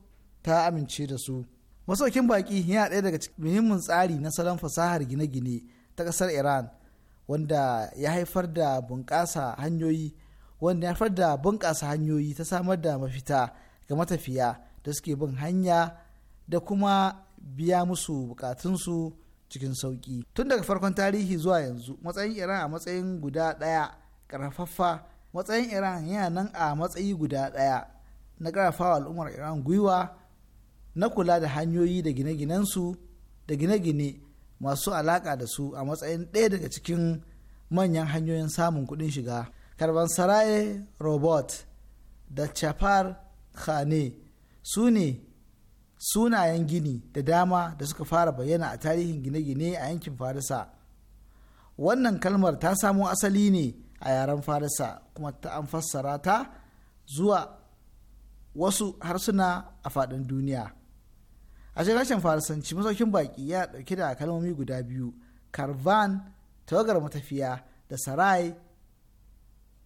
ta amince da su masaukin baƙi yana ɗaya daga muhimmin tsari na salon fasahar gine-gine ta ƙasar iran wanda ya haifar da bunƙasa hanyoyi wanda ya haifar da bunƙasa hanyoyi ta samar da mafita ga matafiya da suke bin hanya da kuma biya musu bukatunsu cikin sauƙi tun daga farkon tarihi zuwa yanzu matsayin iran a matsayin guda ɗaya ƙarfafa matsayin iran yana nan a matsayi guda ɗaya na ƙarfafa al'ummar iran gwiwa na kula da hanyoyi da gine-ginensu da gine-gine masu alaƙa da su a matsayin ɗaya daga cikin manyan hanyoyin samun kuɗin shiga karban sarai robot da chapar khane su ne sunayen gini da dama da suka fara bayyana a tarihin gine-gine a yankin farisa wannan kalmar ta samo asali ne a yaren farisa kuma ta an fassara ta zuwa wasu harsuna a faɗin duniya a cikin rashin farisanci masaukin baki ya dauke da kalmomi guda biyu karvan tawagar matafiya da sarai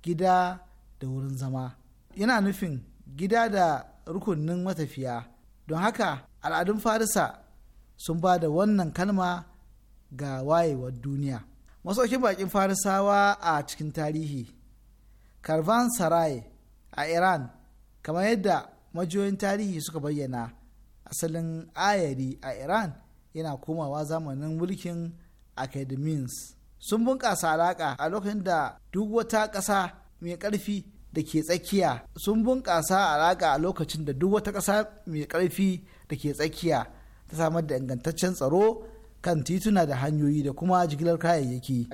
gida da wurin zama yana nufin gida da rukunin matafiya don haka al'adun farisa sun ba da wannan kalma ga wayewar duniya masaukin bakin farisawa a cikin tarihi karvan sarai a iran kamar yadda majiyoyin tarihi suka bayyana asalin ayari a iran yana komawa zamanin mulkin academins sun bunƙasa alaƙa a lokacin da duk wata ƙasa mai ƙarfi da ke tsakiya sun bunƙasa alaƙa a lokacin da duk wata ƙasa mai ƙarfi da ke tsakiya ta samar da ingantaccen tsaro kan tituna da hanyoyi da kuma jigilar kayayyaki.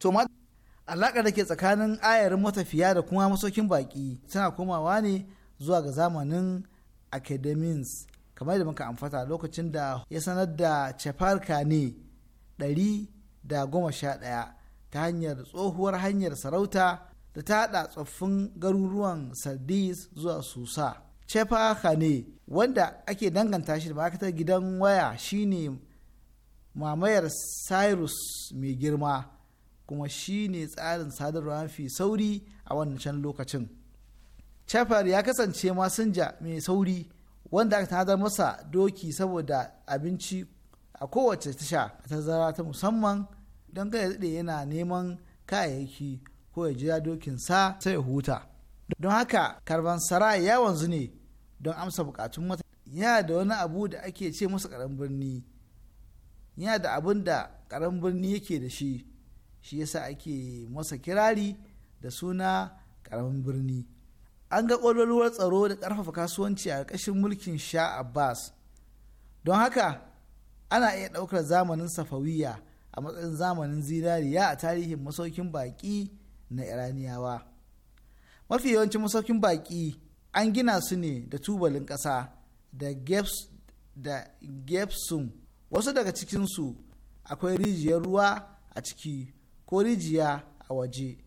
to ma alaƙar da ke tsakanin ayarin matafiya da kuma masaukin baƙi tana komawa ne zuwa ga zamanin academies kamar da muka amfata lokacin da ya sanar da cefarka ne ɗari da goma sha ɗaya ta hanyar tsohuwar hanyar sarauta da ta haɗa tsoffin garuruwan sardis zuwa susa cefarka ne wanda ake danganta shi da ma'aikatar gidan waya shine mamayar cyrus mai girma kuma shi ne tsarin sadarwa mafi sauri a wannan wancan lokacin chafar ya kasance masinja mai sauri wanda aka tanadar masa doki saboda abinci a kowace tasha a tazara ta musamman don kada daɗe yana neman kayayyaki ko ya jira dokinsa sai ya huta don haka karban sarai ya wanzu ne don amsa bukatun mata yana da wani abu da ake ce masa karan birni yana da abin da karan birni yake da shi shi yasa ake masa kirari da suna karamin birni an ga ƙololuwar tsaro da ƙarfafa kasuwanci a ƙarƙashin mulkin sha abbas don haka ana iya ɗaukar zamanin safawiya a matsayin zamanin zinariya a tarihin masaukin baƙi na iraniyawa mafi yawancin masaukin baƙi an gina su ne da tubalin ƙasa da gefsun wasu daga cikinsu akwai rijiyar ruwa a ciki ko rijiya a waje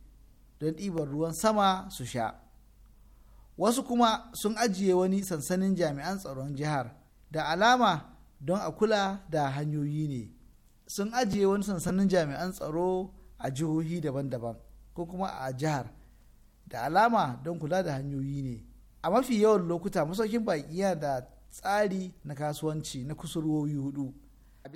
don ɗibar ruwan sama su sha wasu kuma sun ajiye wani sansanin jami'an tsaron jihar da alama don a kula da hanyoyi ne sun ajiye wani sansanin jami'an tsaro a jihohi daban-daban ko kuma a jihar da alama don kula da hanyoyi ne a mafi yawan lokuta masaukin baƙi yana da tsari na kasuwanci na kusurwoyi hudu a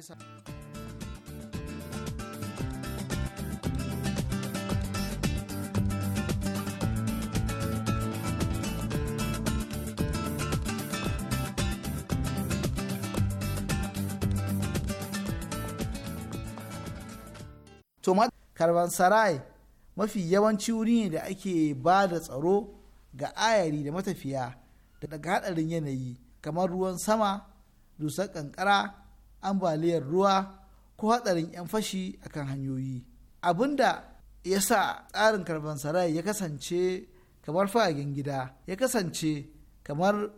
to ma mafi yawanci wuri ne da ake ba da tsaro ga ayari da matafiya da daga hadarin yanayi kamar ruwan sama dusar kankara ambaliyar ruwa ko hadarin 'yan fashi akan hanyoyi abinda ya sa tsarin karbansarai ya kasance kamar fagen gida ya kasance kamar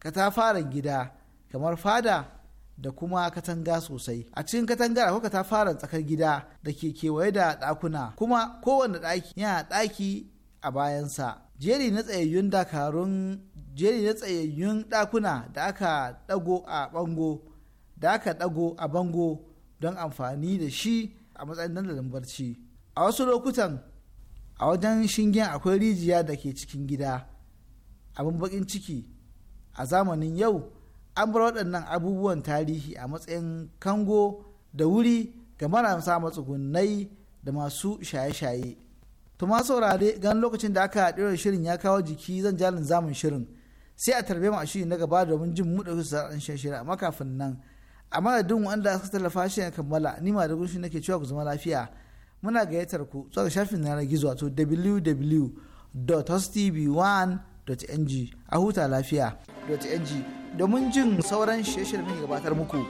katafaren gida kamar fada da kuma katanga sosai a cikin katangar akwai fara tsakar gida da ke kewaye da ɗakuna kuma kowane ɗaki yana ɗaki a bayansa jeri na tsayayyun dakarun jeri na tsayayyun ɗakuna da aka ɗago a bango da aka ɗago a bango don amfani da shi a matsayin dandalin barci a wasu lokutan a wajen shingen akwai rijiya da ke cikin gida abin bakin ciki a zamanin yau an bar waɗannan abubuwan tarihi a matsayin kango da wuri ga marasa matsugunai da masu shaye-shaye. To ma saurare gan lokacin da aka ɗora shirin ya kawo jiki zan jalin zamun shirin sai a tarbe mu a shiri na gaba domin jin mu da su sa'an shirin amma kafin nan. a madadin wanda suka tallafa shi kammala ni ma da gunshi nake cewa ku zama lafiya muna gayyatar ku zuwa shafin yanar gizo wato www.hostv1 www.ng a huta lafiya ng domin jin sauran shirye-shiryen gabatar muku.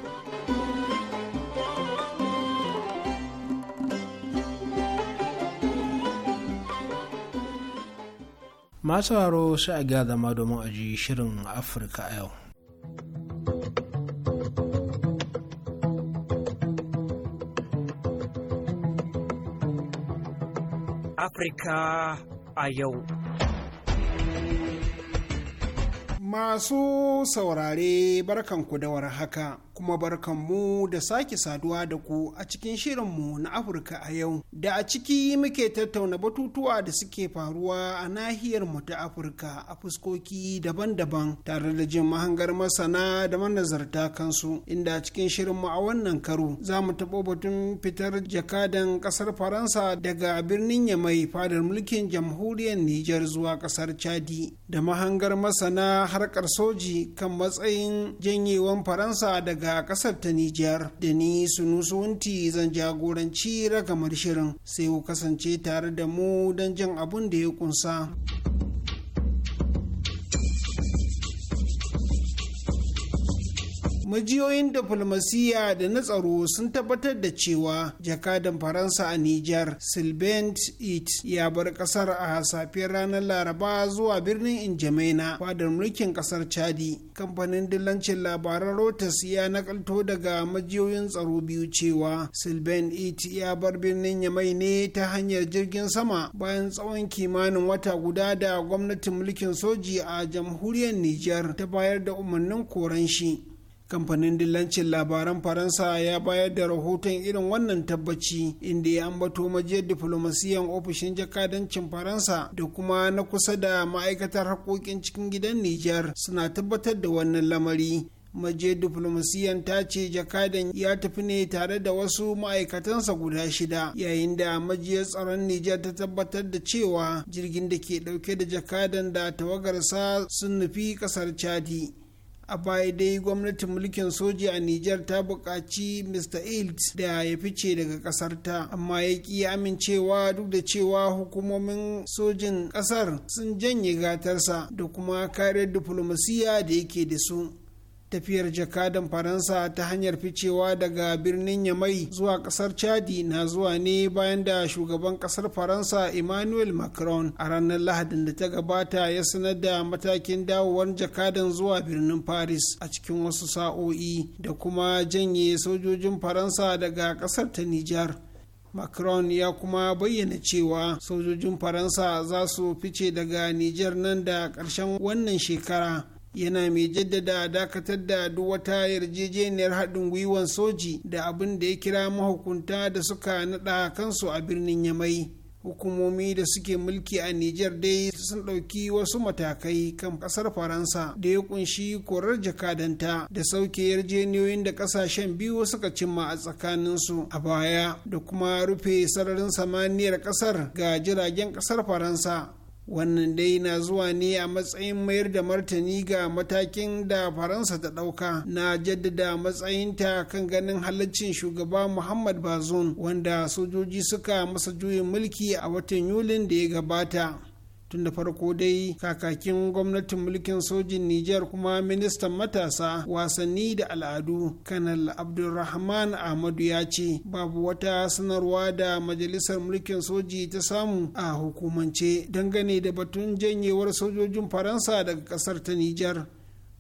Masu haro sai a da zama domin a ji shirin Afirka yau. Afirka a yau. Masu saurare barkanku da haka. kuma barkanmu da sake saduwa da ku a cikin shirinmu na Afirka a yau. Da a ciki muke tattauna batutuwa da suke faruwa a nahiyar mu ta Afirka a fuskoki daban-daban tare da jin mahangar masana da manazarta kansu. Inda a cikin shirinmu a wannan karo za mu taɓo batun fitar jakadan ƙasar Faransa daga birnin Yamai fadar mulkin jamhuriyar Nijar zuwa ƙasar Chadi da mahangar masana harkar soji kan matsayin janyewan Faransa daga daga kasar ta Nijar da ni wunti zan jagoranci ragamar shirin sai ku kasance tare da mu don jin abun da ya kunsa. majiyoyin diflomasiyya da na tsaro sun tabbatar da cewa jakadan faransa a nijar silbent it ya bar kasar a safiyar ranar laraba zuwa birnin injamaina fadar mulkin kasar chadi kamfanin dillancin labaran rotas ya nakalto daga majiyoyin tsaro biyu cewa silbent it ya bar birnin yamai ne ta hanyar jirgin sama bayan tsawon kimanin wata guda da gwamnatin mulkin soji a jamhuriyar nijar ta bayar da umarnin koran shi kamfanin dillancin labaran faransa ya bayar da rahoton irin wannan tabbaci inda ya ambato majiyar diflomasiyan ofishin jakadancin faransa da kuma na kusa da ma'aikatar harkokin cikin gidan nijar suna tabbatar da wannan lamari majiyar diflomasiyan ta ce jakadan ya tafi ne tare da wasu ma'aikatansa guda shida yayin da majiyar tsaron nijar ta tabbatar da cewa jirgin da ke dauke da jakadan da tawagarsa sun nufi kasar chadi a baya dai gwamnatin mulkin soji a Nijar ta buƙaci Mr. Ailt da ya fice daga ƙasar ta amma ya ƙi amincewa duk da cewa hukumomin sojin ƙasar sun janye gatarsa da kuma kariyar diflomasiyya da yake da su. tafiyar jakadan faransa ta hanyar ficewa daga birnin yamai zuwa kasar chadi na zuwa ne bayan da shugaban kasar faransa emmanuel macron a ranar lahadin da ta gabata ya sanar da matakin dawowar jakadan zuwa birnin paris a cikin wasu sa'o'i da kuma janye sojojin faransa daga kasar ta nijar macron ya kuma bayyana cewa sojojin faransa za su fice daga nijar nan da ƙarshen wannan shekara yana mai jaddada dakatar da duk wata yarjejeniyar haɗin gwiwan soji da abin da ya kira mahukunta da suka naɗa kansu a birnin yamai hukumomi da suke mulki a Nijar dai sun ɗauki wasu matakai kan ƙasar Faransa da ya kunshi korar jakadanta da sauke yarjejeniyoyin da ƙasashen biyu suka cimma a tsakaninsu a baya da kuma rufe sararin samaniyar ƙasar ga jiragen ƙasar Faransa wannan dai na zuwa ne a matsayin mayar da martani ga matakin da faransa ta ɗauka na jaddada matsayinta kan ganin halaccin shugaba muhammad bazoon wanda sojoji suka masa juyin mulki a watan yulin da ya gabata tun da farko dai kakakin gwamnatin mulkin sojin Nijar kuma ministan matasa wasanni da al'adu kanal Abdulrahman Ahmadu ya ce babu wata sanarwa da majalisar mulkin soji ta samu a hukumance dangane da batun janyewar sojojin Faransa daga kasar ta Nijar.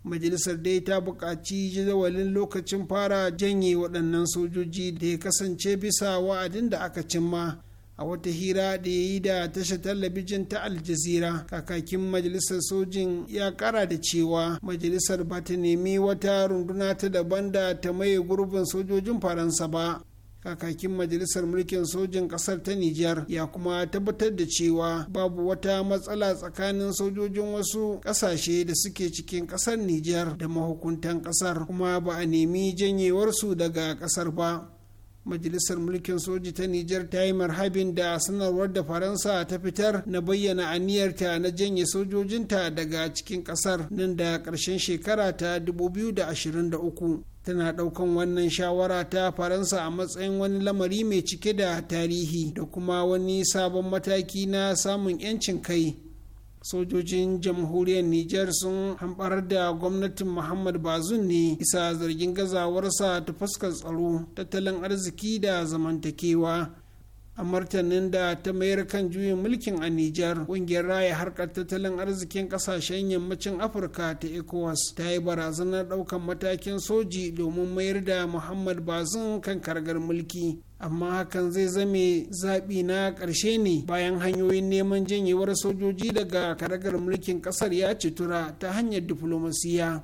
majalisar dai ta buƙaci jadawalin lokacin fara janye waɗannan sojoji da ya kasance bisa wa'adin da aka cimma. a wata hira da ya yi da tashar talabijin ta aljazira kakakin majalisar sojin ya kara da cewa majalisar ba ta nemi wata runduna ta daban da ta maye gurbin sojojin faransa ba kakakin majalisar mulkin sojin kasar ta Nijar ya kuma tabbatar da cewa babu wata matsala tsakanin sojojin wasu kasashe da suke cikin kasar Nijar da mahukuntan kasar kuma ba a nemi janyewarsu daga kasar ba. majalisar mulkin soji ta Nijar ta yi marhabin da sanarwar da Faransa ta fitar na bayyana aniyarta na janye sojojinta daga cikin kasar nan da ƙarshen shekara ta 2023. tana ɗaukan wannan shawara ta faransa a matsayin wani lamari mai cike da tarihi da kuma wani sabon mataki na samun 'yancin kai sojojin jamhuriyar Nijar sun hamɓar da gwamnatin Muhammad Bazu ne Isa zargin gazawarsa ta fuskar tsaro, tattalin arziki da zamantakewa. a martanin da ta mayar kan juyin mulkin a Nijar ƙungiyar raya harkar tattalin arzikin ƙasashen yammacin Afirka ta ECOWAS ta yi barazanar ɗaukan matakin soji domin mayar da Muhammad Bazin kan kargar mulki amma hakan zai zame zaɓi na ƙarshe ne bayan hanyoyin neman janyewar sojoji daga karagar mulkin ƙasar ya citura ta hanyar diflomasiyya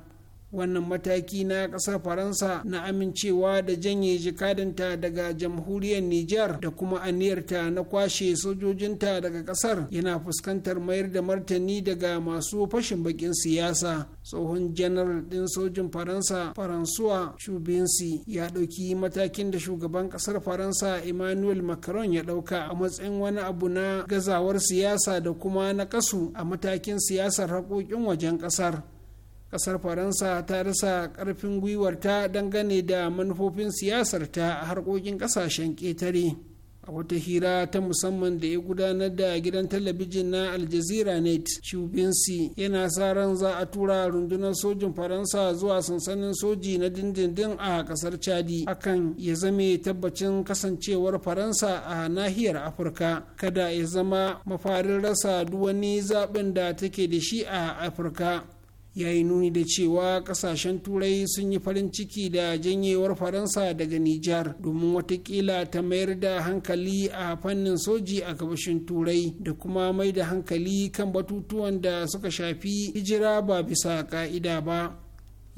wannan mataki na ƙasar faransa na amincewa da janye jikadinta daga jamhuriyar niger da kuma aniyarta na kwashe sojojinta daga ƙasar yana fuskantar mayar da martani daga masu fashin bakin siyasa tsohon janar ɗin sojin faransa faransuwa shubinsi ya ɗauki matakin da shugaban ƙasar faransa emmanuel macron ya ɗauka a matsayin wani abu na gazawar siyasa da kuma na kasu a matakin siyasar haƙoƙin wajen ƙasar kasar faransa ta rasa karfin gwiwarta dangane da manufofin siyasarta a harkokin kasashen ƙetare a wata hira ta musamman da ya gudanar da gidan talabijin na aljazeera net shubinsi yana sa ran za a tura rundunar sojin faransa zuwa sansanin soji na dindindin a kasar chadi hakan ya zame tabbacin kasancewar faransa a nahiyar afirka kada ya zama mafarin rasa duwani zaɓin da take da shi a afirka ya yi nuni da cewa kasashen turai sun yi farin ciki da janyewar faransa daga nijar domin watakila ta mayar da hankali a fannin soji a gabashin turai da kuma mai da hankali kan batutuwan da suka shafi hijira ba bisa ka'ida ba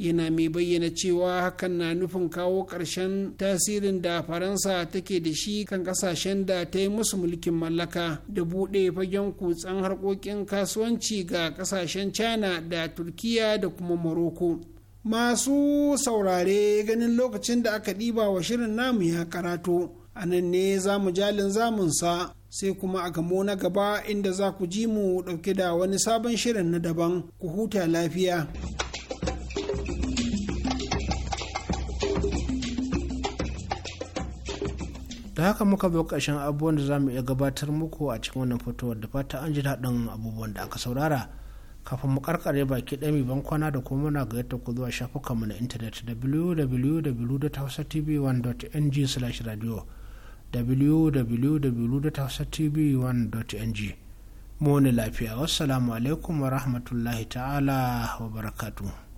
yana mai bayyana cewa hakan na nufin kawo ƙarshen tasirin da faransa take da shi kan ƙasashen da ta yi musu mulkin mallaka da buɗe fagen kutsan harkokin kasuwanci ga ƙasashen china da turkiya da kuma morocco masu saurare ganin lokacin da aka ɗiba wa shirin namu ya karato a nan ne za mu jalin zamunsa sai kuma a gamo na gaba inda za ku ji mu ɗauke da wani sabon shirin na daban ku huta lafiya. da haka muka zo ƙarshen abubuwan da za mu iya gabatar muku a cikin wannan fitowar da fata an ji daɗin abubuwan da aka saurara kafin mu karkare baki ɗami mai bankwana da kuma muna ga yadda ku zuwa shafukanmu na intanet www.hausatv1.ng slash radio www.hausatv1.ng mu ne lafiya wassalamu alaikum wa rahmatullahi ta'ala wa barakatuhu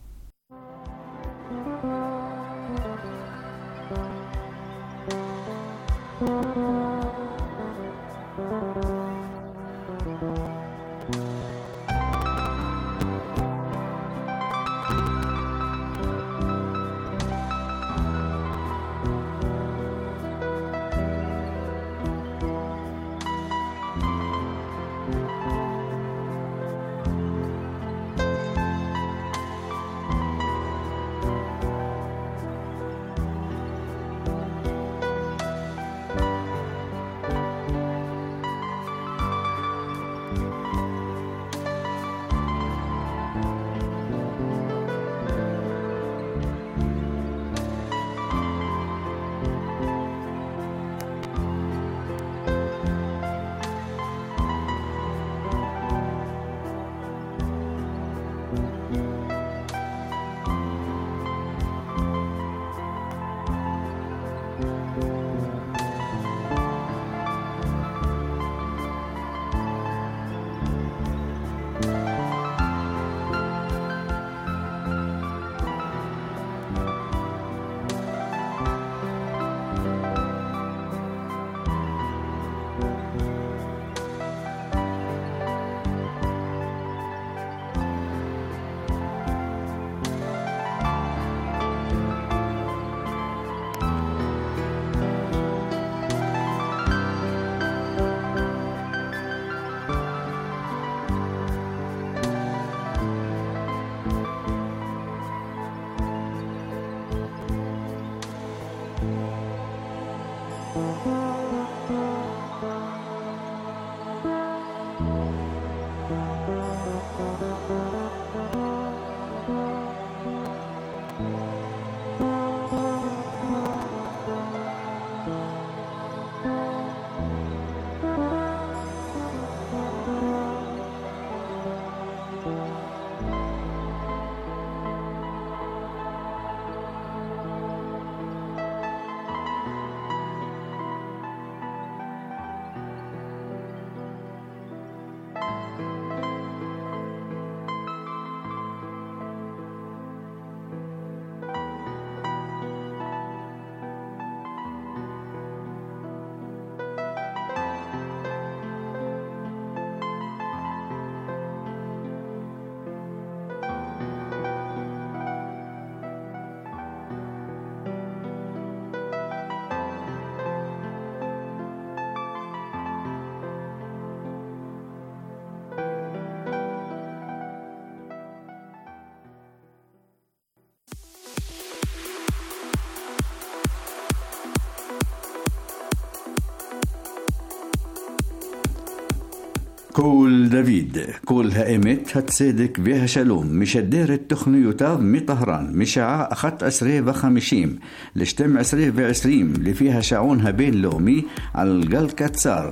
كول دافيد كول هائمت هتسيدك بها شلوم مش الدير التخني يتاب مي طهران مشاعة أخت أسري بخمشيم لشتم أسري بعسريم لفيها شعونها بين لومي على القل